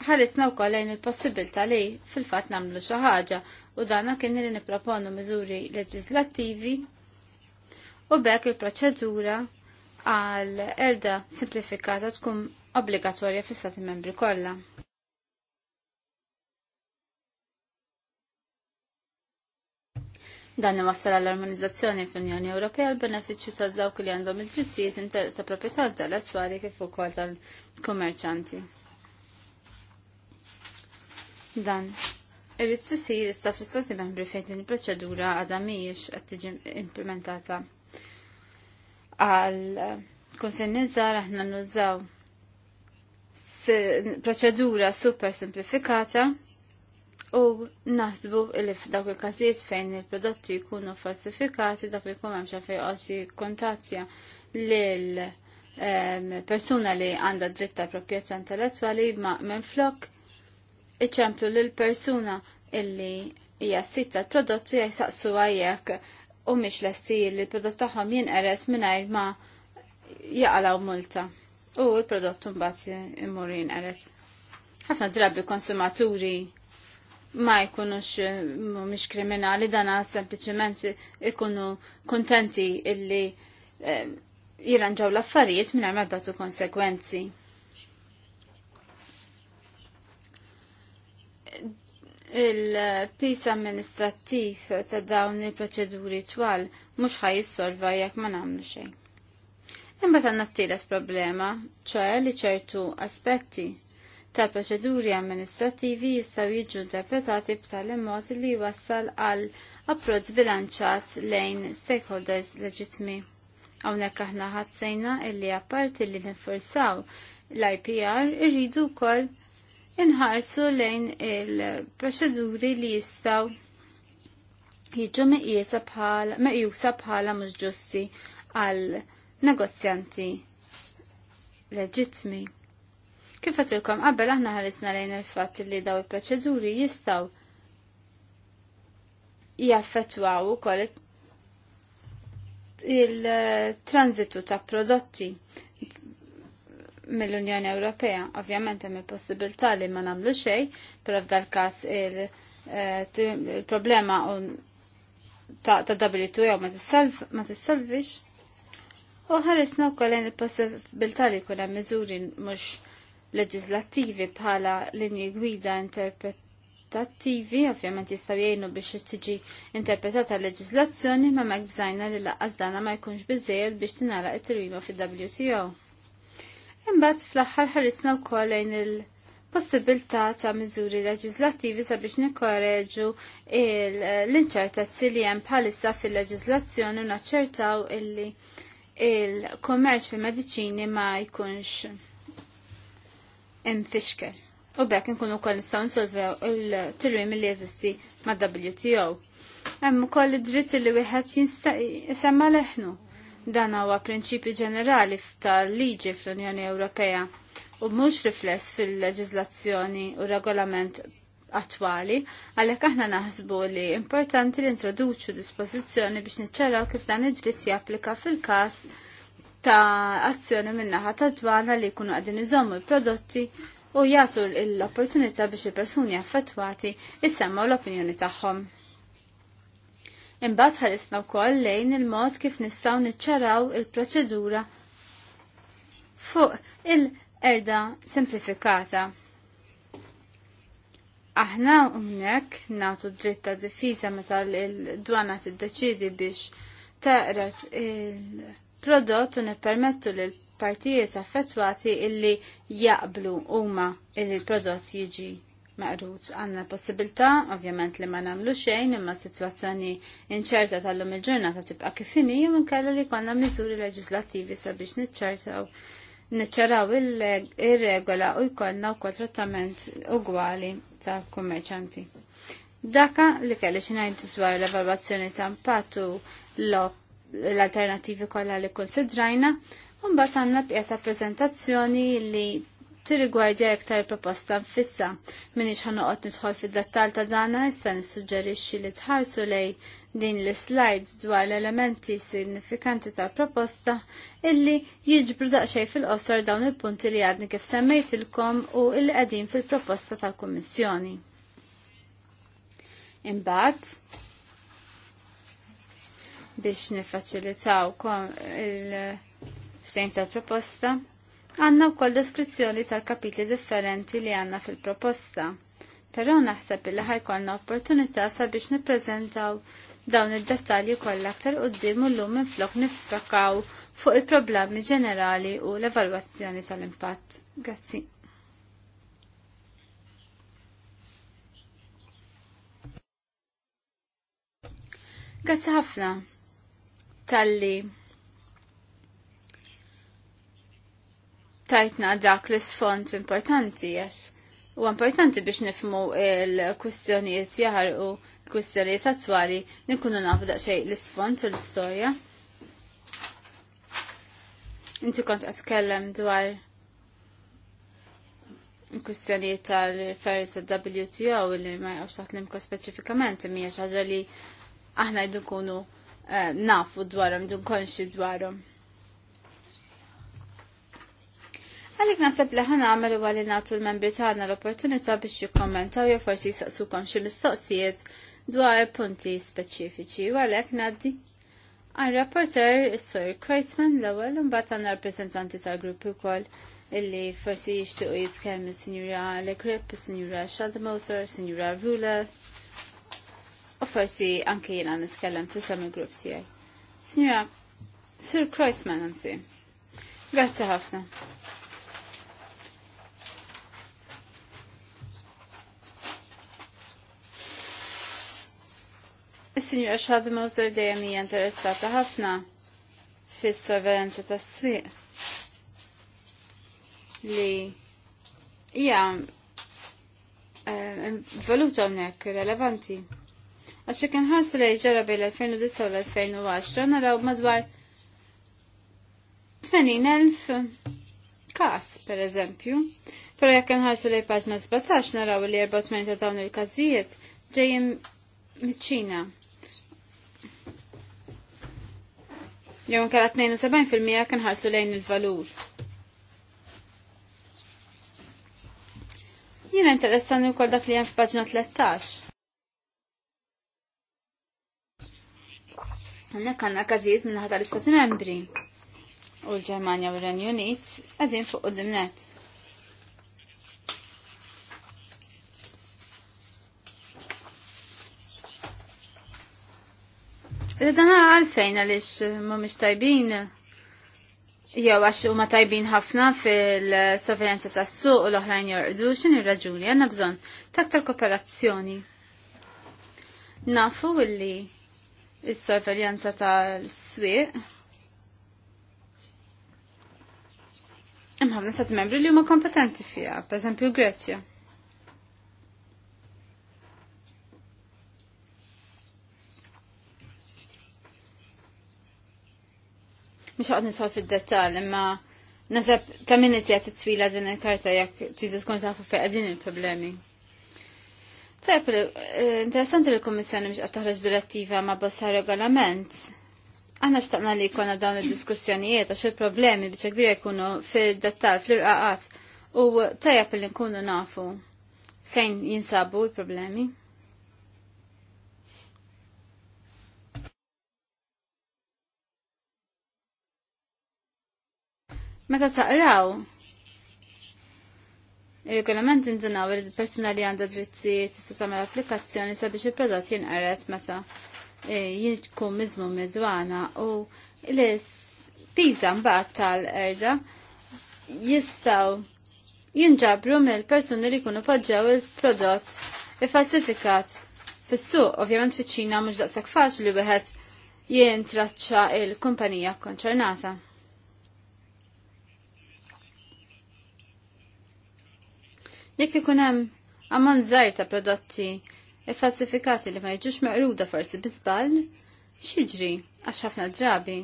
Ħarisna wkoll lejn il-possibilità li fil-fatt nagħmlu xi ħaġa u dana kien li nipproponu miżuri leġislattivi u bekk il-proċedura għal erda simplifikata tkun obbligatorja fl-Stati membri kollha. Dan iwassal għall-armonizzazzjoni fl-Unjoni Ewropea l benefiċċju ta' dawk li għandhom id-drittijiet ta' proprjetà intellettwali kif ukoll tal-kummerċanti. Dan irrid isir issa fl-Stati Membri fejn din il-proċedura għadha mhijiex qed tiġi implementata. Għal kunsen żgħar aħna nużaw proċedura super simplifikata U naħsbu li f'dawk il-każijiet fejn il-prodotti jkunu falsifikati dak li jkun hemm xi qasi kontazzja lil ehm, persuna li għandha dritt tal proprjetà intellettwali ma minn flok iċemplu lil persuna illi hija sit tal-prodott u jaqsaqsu jekk u mhix lesti li l-prodott tagħhom jinqeres mingħajr ma jaqalaw multa. U l-prodott mbagħad imur jinqeres. Ħafna drabi konsumaturi ma jkunux eh, mhumiex kriminali dan sempliċement ikunu kontenti illi eh, jiranġaw l-affarijiet minn ma jbatu konsekwenzi. Il-pis amministrattiv ta' dawn il-proċeduri twal mhux ħaj jissolva jekk ma nagħmlu xejn. Imma għandna t-tielet problema, ċoħe li ċertu aspetti tal-proċeduri amministrativi jistgħu jiġu interpretati b'tal mod li jwassal għal approċċ bilanċat lejn stakeholders leġitmi. Hawnhekk aħna ħadsejna illi apparti li ninforsaw l-IPR irridu wkoll inħarsu lejn il-proċeduri li jistgħu jiġu meqjusa bħala mhux ġusti għal negozjanti leġitmi. Kif għatilkom qabel aħna ħarisna lejn il-fatt li daw il-proċeduri jistaw jaffetwaw u koll il-transitu ta' prodotti mill-Unjoni Ewropea. Ovvjament hemm il-possibilità li ma nagħmlu xejn, però f'dal każ eh, il-problema ta' W2 ma tissolvix. U ħarisna wkoll il-possibilità li jkun hemm miżuri mhux leġislattivi bħala linji gwida interpretattivi, ovvjament jistaw jgħinu biex tiġi interpretata leġislazzjoni ma mek bżajna li laqqas dana ma jkunx bizzejed biex tinara it-tirwima fil-WTO. Imbagħad fl-aħħar ħarisna wkoll lejn il- possibilta ta' miżuri leġislattivi sabiex nikorreġu l-inċertezzi li hemm bħalissa fil-leġislazzjoni u naċċertaw illi il-kommerċ fil mediċini ma jkunx hemm U bekk nkunu wkoll nistgħu nsolvew il-tilwim li jeżisti mad-WTO. Hemm ukoll id-dritt li wieħed jisemma leħnu. Dan huwa prinċipju ġenerali tal-liġi fl-Unjoni Ewropea u mhux rifless fil-leġiżlazzjoni u regolament attwali, għalhekk aħna naħsbu li importanti li introduċu dispożizzjoni biex niċċaraw kif dan id-dritt japplika fil-każ ta' azzjoni minnaħa ta' dwana li jkunu għadin iżommu l-prodotti u jagħtu l-opportunità biex il-persuni affettwati jissemmaw l-opinjoni tagħhom. Imbagħad ħarisna wkoll lejn il-mod kif nistgħu niċċaraw il-proċedura fuq il-erda simplifikata. Aħna unnek nagħtu dritt ta' difiża meta l-dwana tiddeċiedi biex taqret il- prodott u nippermettu lil partijiet affettwati illi jaqblu huma illi l-prodott jiġi maqrut. Għanna possibilità, ovvjament li ma namlu xejn, imma s-sitwazzjoni inċerta tal-lum il-ġurnata tibqa kifini, jew inkella li konna miżuri leġislattivi sabiex niċċertaw niċċaraw il-regola u jkollna u trattament ugwali ta' kummerċanti. Daka li kelli xinajn dwar l-evalvazzjoni ta' impattu l-op l-alternativi kollha li konsidrajna, mbagħad għandna bqija ta' preżentazzjoni li tirrigwardja iktar proposta nfissa. Minix ħanoqgħod nidħol fid-dettal ta' dana issa nissuġġerixxi li tħarsu lej din l-slides dwar l-elementi signifikanti tal-proposta illi jiġbru daqxej fil-qosor dawn il-punti li għadni kif semmejtilkom u illi qegħdin fil-proposta tal-Kummissjoni. Imbagħad, biex nifaċilitaw il-ftejn tal-proposta. Għanna u kol deskrizzjoni tal-kapitli differenti li għanna fil-proposta. Pero naħseb li ħajkolna opportunità sabiex niprezentaw dawn id-dettalji kollha aktar qudiem u llum minflok nifrakaw fuq il-problemi ġenerali u l-evalwazzjoni tal-impatt. Grazzi. Grazzi ħafna tal-li tajtna dak l-sfont importanti jax. U importanti biex nifmu il-kustjonijiet u l-kustjonijiet attwali nkunu nafu daċċej l-sfont u l-istorja. Inti kont għatkellem dwar kustjonijiet tal-referi tal-WTO li ma jgħu taħt l-imko specifikament, mija li aħna jdu kunu Eh, nafu dwarhom, dun konxi dwarhom. Għalik nasib li ħana għamelu għalli natu l-membri tagħna l-opportunità biex jikkommentaw jew forsi jisaqsukom xi mistoqsijiet dwar punti speċifiċi u għalhekk ngħaddi għal-rapporter is-Sir Kreitzman l-ewwel imbagħad għandna rappreżentanti tal-gruppi wkoll illi forsi jixtiequ jitkellmu s-signura Shaldemoser, s Sinjura Rula, u forsi anke jena niskellem fi semi grupp tiegħi. Signora, Sir Kreuzman anzi. Grazzi ħafna. Is-Sinjura Xad Mawżer dejjem hija interessata ħafna fis-sorveljanza tas-swieq li hija eh, voluta hawnhekk relevanti. Għax kien ħarsu li ġara bil 2009 u l-2010 naraw madwar 80.000 kas, per eżempju. Pero jek kien ħarsu li paġna 17 naraw li 48 ta' dawn il kazijiet ġejjin miċ-Ċina. kalla 72% kien ħarsu lejn il-valur. interessan u kol dak li hemm f'paġna 13. Għannek għanna kazijiet minna ħata l-Istati Membri u l-Ġermanja u l-Renju Unit għadin fuq dimnet. Id-dana għalfejn għalix mumiex tajbin jew għax huma tajbin ħafna fil-sovjenza tas-suq u l-oħrajn jorqdu x'in irraġuni raġuni għandna bżonn taktar kooperazzjoni. Nafu illi il-sorveljanza tal-swieq. Imħabna sa' membri li huma kompetenti fija, per eżempju Greċja. Mux għad nisol fil-detal, imma nazab ta' minni tijat t-twila din il-karta jek tidu tkun ta' fuq din il-problemi. Tajb, eh, interessanti li l komissjoni mhux qed toħroġ direttiva ma' bassa regolament. Aħna xtaqna li jkollna dawn id-diskussjonijiet għax il-problemi biex kbir jkunu fid-dettal fil-raqqat, u tajab li nkunu nafu fejn jinsabu l problemi Meta taqraw, Il-regolament indunaw il-persuna li għandha drittijiet tista' tagħmel applikazzjoni sabiex il-prodott jinqaret meta e, jkun miżmu midwana u l-piża mbagħad tal-erda jistgħu jinġabru mill-persuni li jkunu poġġew il-prodott ifalsifikat fis-suq. Ovvjament fiċ-Ċina mhux daqshekk faċli wieħed jintraċċa il-kumpanija konċernata. Jekk ikun hemm ammont żgħar ta' prodotti ifalsifikati li ma jiġux meqruda forsi bi żball, x'jiġri għax ħafna drabi.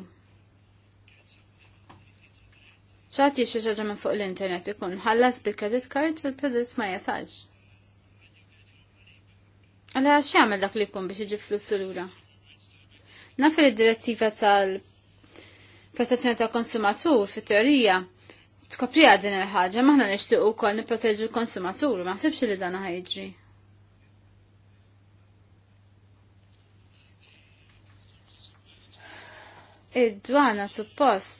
ċati xi ħaġa minn fuq l-internet ikun ħallas bil-credit card u l-prodott ma jasalx. għax x'għamel dak li jkun biex jiġi flus lura? Naf li d-direttiva tal-protezzjoni tal-konsumatur fit-teorija tkoprija din il-ħaġa maħna nixtieq ukoll nipproteġu l konsumaturu ma ħsibx li dana ħajġri. Id-dwana suppost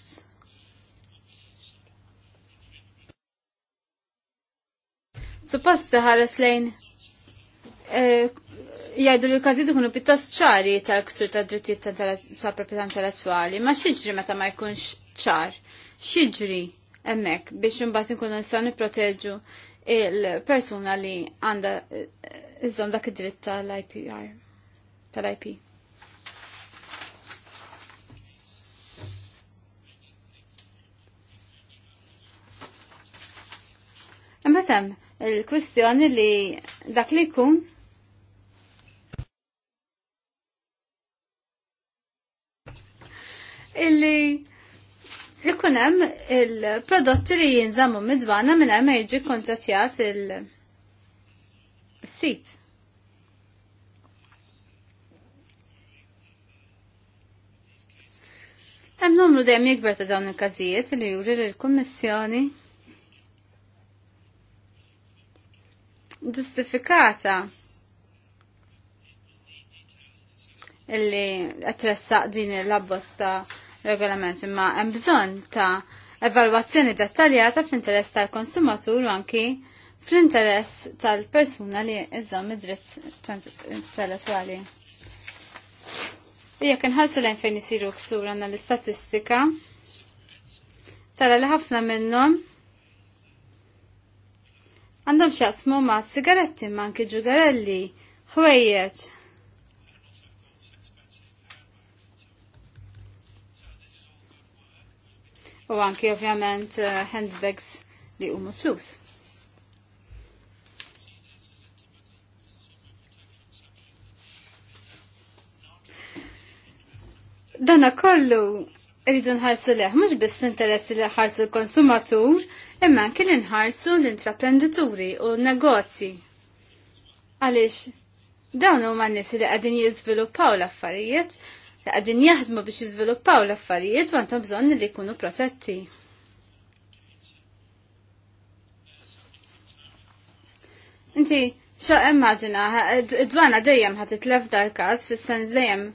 Suppost ħares lejn eh, jgħidu li l-kazit ikunu pittost ċari tal-ksur ta' drittijiet tal-proprietà intellettuali, ma xiġri meta ma jkunx ċar. Xiġri emmek biex imbagħad inkunu nistgħu nipproteġu il-persuna li għandha eh, iżżomm dak id-dritt tal-IPR tal-IP. Imma hemm il-kwistjoni li dak li jkun illi ikun il-prodotti li jinżammu midwana minn hemm jiġi kontattjat il-sit. Hemm numru dejjem jikber ta' dawn il-każijiet li juri lill kummissjoni ġustifikata illi tressaq din l-abbozz ta' regolament imma hemm bżonn ta' evalwazzjoni dettaljata fl-interess tal-konsumatur u anki fl-interess tal-persuna li iżżomm id-dritt intellettwali. Ija kien ħarsu lejn fejn isiru ksur għanna l-istatistika. Tara li ħafna minnhom għandhom x'jaqsmu ma' sigaretti ma' anki ġugarelli, ħwejjeġ, u anki ovvjament eh, handbags li huma flus. Dana kollu rridu nħarsu leħ, mux bis fl li ħarsu l-konsumatur, imma anki li nħarsu l-intraprendituri u negozji. Għalix, dawn huma n-nies li qegħdin jiżviluppaw l-affarijiet li għadin jaħdmu biex jiżviluppaw l-affarijiet u għandhom bżonn li jkunu protetti. Inti, xo immaġina, dwana dejjem ħat itlef dal-kas, fis-sen dejjem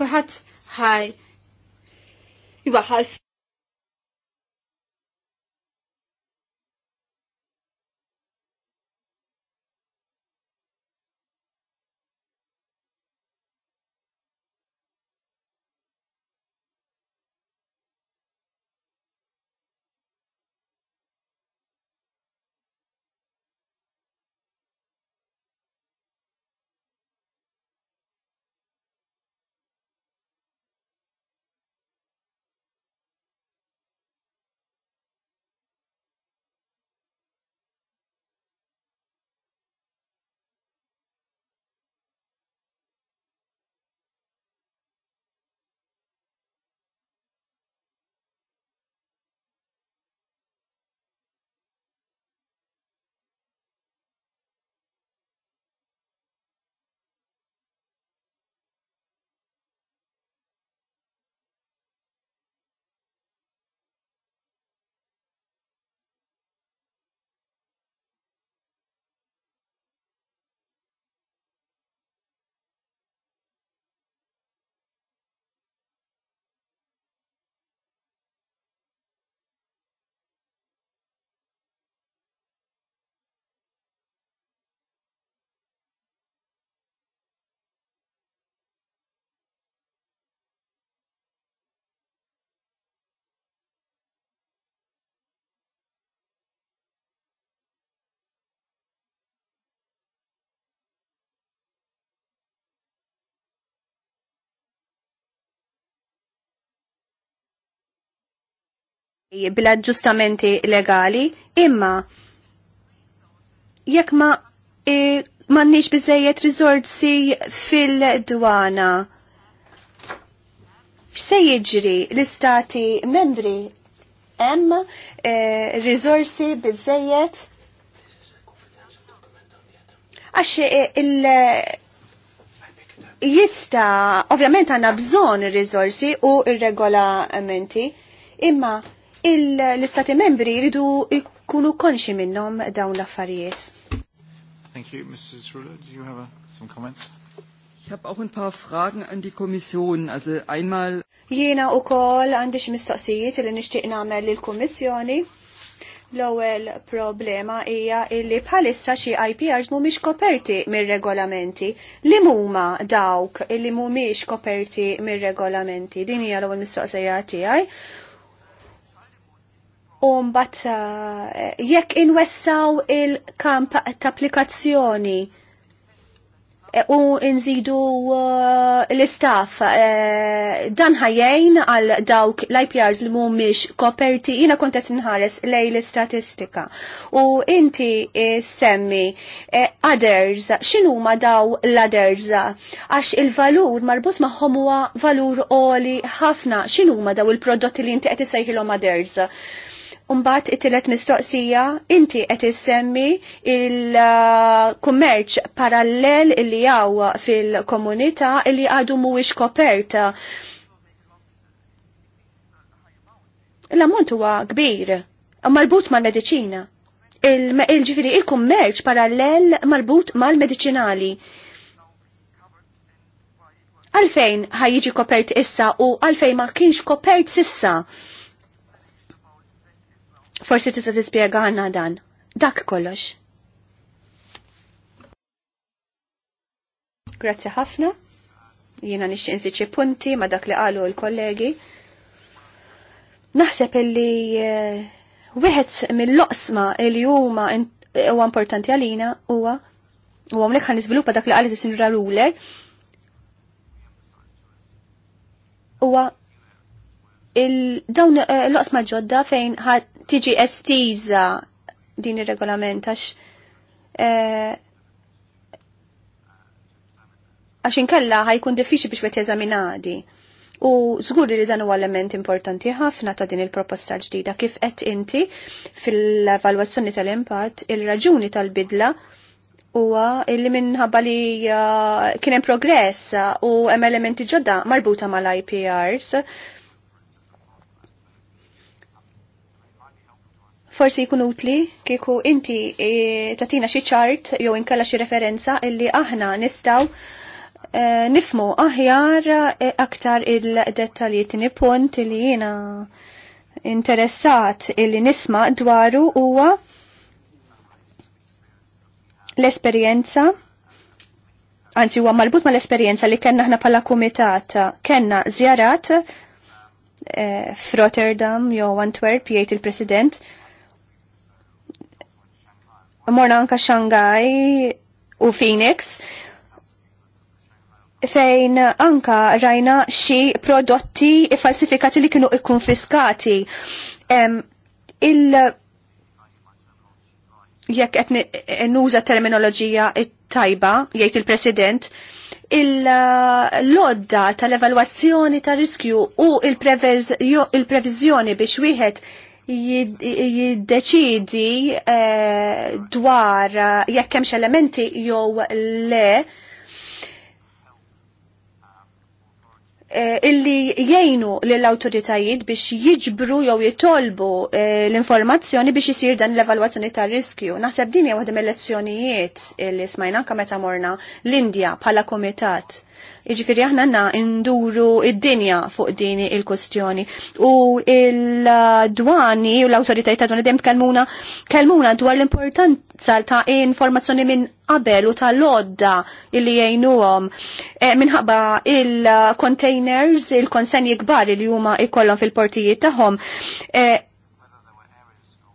kuħat ħaj. Iba, bil-aġġustamenti legali, imma jekk ma e, mannix bizzejiet rizorsi fil-dwana. X'se jiġri l-istati membri hemm e, rizorsi bizzejiet għax e, il- jista, ovvjament għanna bżon il-rizorsi u il-regolamenti, imma l-istati membri jridu jkunu konxi minnhom dawn l-affarijiet. Thank you, Mrs. Ruller. Do you have a, some comments? Ich habe auch ein paar Fragen an die Kommission. Also einmal Jiena u kol għandi mistoqsijiet li nixtieq nagħmel lill-Kummissjoni. L-ewwel problema hija li bħalissa xi IPRs mhumiex koperti mir-regolamenti. Li huma dawk li mhumiex koperti mir-regolamenti? Din hija l-ewwel mistoqsija tiegħi. Umbat, eh, jekk inwessaw il-kamp ta' applikazzjoni eh, u nżidu eh, l-istaff, dan ħajjejn għal dawk l-IPRs li mumiex koperti, jina kontet nħares lej l-istatistika. U inti semmi others, xinu ma daw l-others, għax il-valur marbut maħom huwa valur oli ħafna, xinu ma daw il-prodotti li inti għetisajħilom others. others Umbat it tillet mistoqsija, inti qed issemmi il-kummerċ parallel li jaw fil-komunità li għadu mhuwiex koperta. L-ammont huwa kbir, marbut mal-mediċina. Il-ġifiri il il-kummerċ parallel marbut mal-mediċinali. Għalfejn ħajġi kopert issa u għalfejn ma kienx kopert sissa. Forsi tista' tispjega għandna dan. Dak kollox. Grazzi ħafna. Jiena nixtieq insi punti ma' dak li qalu l-kollegi. Naħseb illi eh, wieħed mill-loqsma li huma huwa importanti għalina huwa u għamlek ħan nizviluppa dak li għalli is-sinra ruler huwa il dawn eh, l osma ġodda fejn ħad tiġi estiza din ir-regolament għax e, għax inkella ħajkun diffiċli biex wet jeżaminadi. U zgur li dan huwa element importanti ħafna ta' din il-proposta ġdida kif qed inti fil-evalwazzjoni tal-impatt il-raġuni tal-bidla huwa illi minħabba li uh, kien hemm progress u hemm elementi ġodda marbuta mal-IPRs forsi jkun utli kieku inti e, tatina xi ċart jew inkella xi referenza illi aħna nistgħu eh, nifmu aħjar eh, aktar il-dettalji tini punt li jiena interessat illi nisma dwaru huwa l-esperjenza anzi huwa marbut mal-esperjenza li kellna aħna bħala kumitat kellna żjarat e, f'Rotterdam jew Antwerp jgħid il-President morna anka Shanghai u Phoenix fejn anka rajna xi prodotti falsifikati li kienu ikkonfiskati. Il jekk qed nuża terminoloġija tajba, jgħid il-President, il-lodda tal-evalwazzjoni tar riskju u il-previżjoni biex wieħed jiddeċidi eh, dwar eh, jekk hemmx elementi jew le eh, illi jgħinu lill-awtoritajiet biex jiġbru jew jitolbu l-informazzjoni biex jisir dan l-evalwazzjoni tar riskju. Naħseb din hija waħda mill-lezzjonijiet li smajna meta morna l-Indja bħala komitat Iġifiri aħna għanna induru id-dinja fuq din il-kustjoni. U il-dwani u l-autoritajt ta' dwani dem kalmuna, kalmuna dwar l-importanza ta' informazzjoni minn qabel u ta' lodda illi jgħinuhom e, minħabba il-containers, il-konsenji kbar li huma ikollhom fil-portijiet tagħhom. E,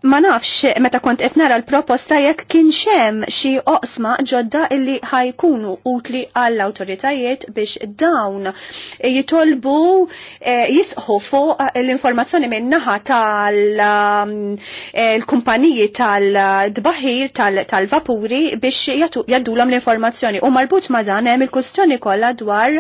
ma nafx meta kont qed nara l-proposta jekk kien xem xi oqsma ġodda illi ħajkunu utli għall awtoritajiet biex dawn jitolbu eh, jisqħu fuq l-informazzjoni minn naħa tal-kumpaniji um, eh, tal-dbaħir tal-vapuri biex jaddulhom l-informazzjoni. U marbut ma dan hemm il-kustjoni kollha dwar uh,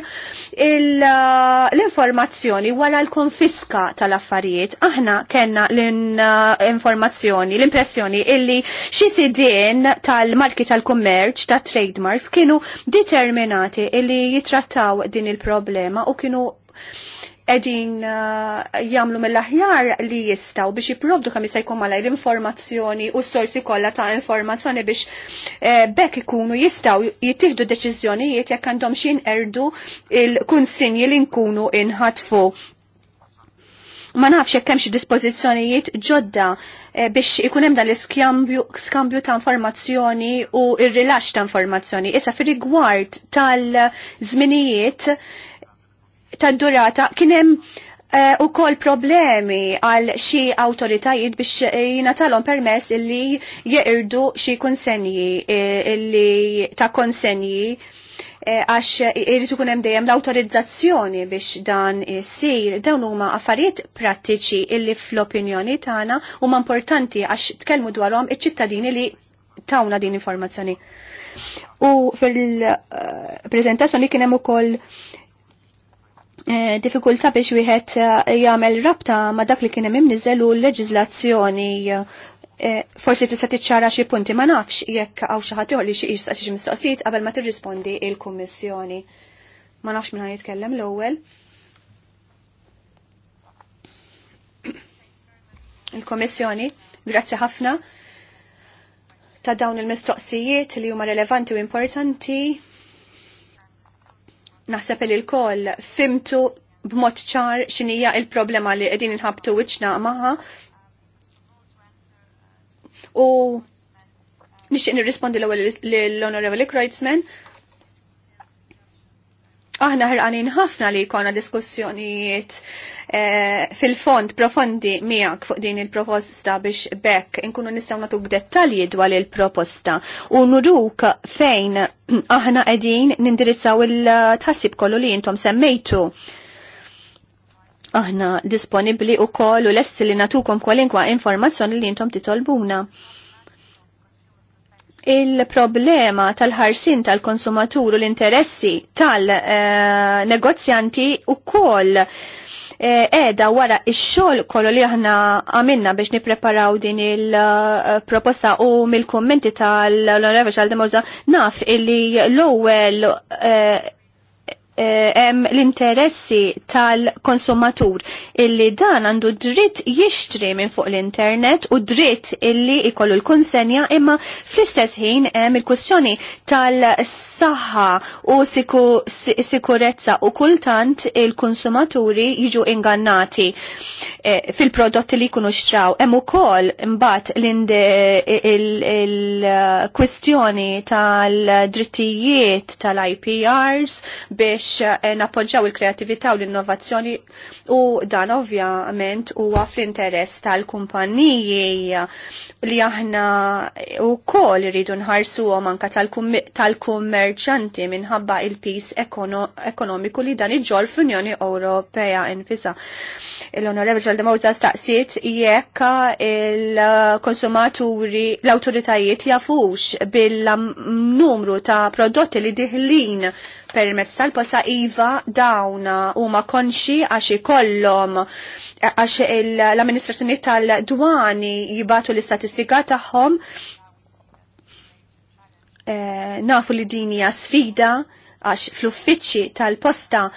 l-informazzjoni wara l-konfiska tal-affarijiet. Aħna kellna l-informazzjoni uh, l-informazzjoni, l-impressjoni illi xi sidien tal-marki tal-kummerċ ta' trademarks kienu determinati illi jitrattaw din il-problema u kienu edin uh, jamlu mill-aħjar li jistaw biex jiprovdu kam jista' kumma malajr informazzjoni u s-sorsi kollha ta' informazzjoni biex eh, bekk ikunu jistaw jittieħdu deċiżjonijiet jekk għandhom xin erdu il-kunsinji li nkunu inħatfu. Ma nafx jekk hemm xi dispożizzjonijiet ġodda Eh, biex ikun hemm dan l-iskambju ta' informazzjoni u r-rilax ta' informazzjoni. Issa fir-rigward tal-żminijiet ta' durata kien hemm eh, u kol problemi għal xi autoritajiet biex jina talon permess li jeqirdu xi konsenji eh, li ta' konsenji Eh, għax eh, irritu kunem dejjem l-autorizzazzjoni biex dan sir dawn huma affarijiet prattiċi illi fl-opinjoni tagħna huma importanti għax tkellmu dwarhom iċ-ċittadini li tawna din informazzjoni. U fil-prezentazzjoni kien hemm ukoll eh, diffikultà biex wieħed jagħmel rabta ma' dak li kien hemm imniżel u l-leġiżlazzjoni Eh, forsi tista' tiċċara xi punti ma nafx jekk hawn xi ħadd li xi jista' xi mistoqsijiet qabel ma tirrispondi il-Kummissjoni. Ma nafx minn jitkellem l-ewwel. Il-Kommissjoni, grazzi ħafna ta' dawn il-mistoqsijiet li huma relevanti u importanti. Naħseb li l-koll fimtu b'mod ċar xinija il-problema li qegħdin inħabtu wiċċna magħha U nixtieq nirrispondi l-ewwel l honorable Kreutzmann. Aħna ħrqanin ħafna li jkollna diskussjonijiet eh, fil-fond profondi miegħek fuq din il-proposta biex bekk inkunu nistgħu nagħtuk dettalji dwar il-proposta u nuruk fejn aħna qegħdin nindirizzaw il-tħassib kollu li intom semmejtu aħna disponibli u koll u lessi li natukom kwalinkwa informazzjoni li jintom titolbuna. Il-problema tal-ħarsin tal-konsumatur u l-interessi tal-negozjanti u koll eh, edha wara ix-xogħol kollu li aħna għamilna biex nippreparaw din il-proposta u mill-kummenti tal-Onorevole Xaldemoza naf illi l-ewwel eh, hemm eh, l-interessi tal-konsumatur illi dan għandu dritt jixtri minn fuq l-internet u dritt illi ikollu l-konsenja imma fl-istess ħin hemm il-kwestjoni tal-saħħa u sikurezza u kultant il-konsumaturi jiġu ingannati eh, fil-prodotti li jkunu xtraw. Hemm ukoll imbagħad il-kwestjoni tal-drittijiet tal-IPRs biex biex eh, nappoġġaw il-kreativita u l-innovazzjoni u dan ovvjament huwa fl-interess tal-kumpaniji li aħna u kol rridu nħarsu manka tal-kummerċanti tal minħabba il-pis ekonomiku li dan iġġor fl-Unjoni Ewropea infisa. L-Onorevole Ġaldemawza staqsiet jekk il-konsumaturi l-autoritajiet jafux bil-numru ta' prodotti li diħlin permezz tal-posta ta' Iva dawn huma konxi għax ikollhom għax l-amministrazzjoni tal-dwani jibatu l-istatistika tagħhom eh, nafu li din hija sfida għax fl-uffiċċji tal-posta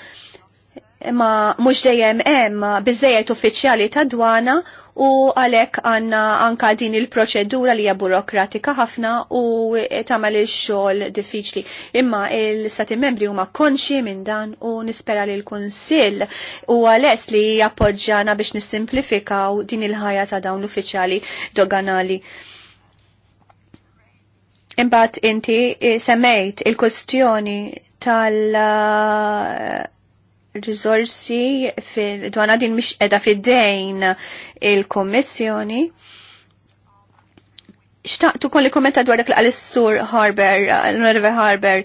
ma mux dejjem hemm biżejjed uffiċjali ta' dwana u għalhekk għandna anka din il-proċedura li hija burokratika ħafna u tagħmel ix-xogħol diffiċli. Imma l-Stati membri huma konxi minn dan u nispera li l-Kunsill u għaless li jappoġġana biex nissimplifikaw din il-ħajja ta' dawn l-uffiċjali doganali. Imbagħad inti semmejt il-kwestjoni tal- risorsi fil-dwana din mish edha fil dejn il-kommissjoni. Xtaqtu kolli kommenta dwar dak l-għal-sur Harber, l nerve Harber,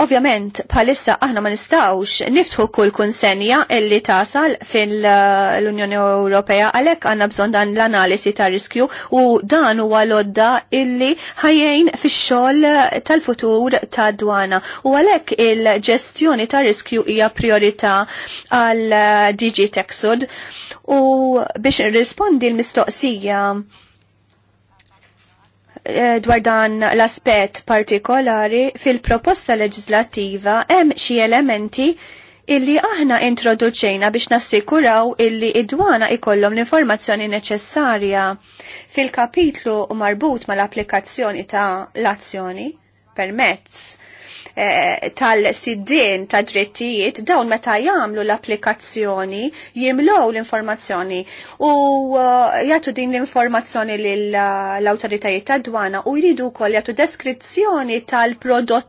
Ovvjament, bħalissa aħna ma nistawx niftħu kull kunsenja illi tasal fil-Unjoni Ewropea għalhekk għandna bżonn dan l-analisi ta' riskju u dan huwa lodda illi ħajjejn fix-xogħol tal-futur ta' dwana u għalhekk il-ġestjoni ta' riskju hija priorità għal DG Texud u biex rispondi l-mistoqsija Eh, dwar dan l-aspet partikolari fil-proposta leġislattiva hemm xi elementi illi aħna introduċejna biex nassikuraw illi id-dwana ikollhom l-informazzjoni neċessarja fil-kapitlu marbut mal-applikazzjoni ta' l-azzjoni permezz Eh, tal-siddin ta' drittijiet dawn meta jagħmlu l-applikazzjoni jimlow l-informazzjoni u eh, jagħtu din l-informazzjoni l eh, awtoritajiet tad dwana u jridu wkoll jagħtu deskrizzjoni tal-prodott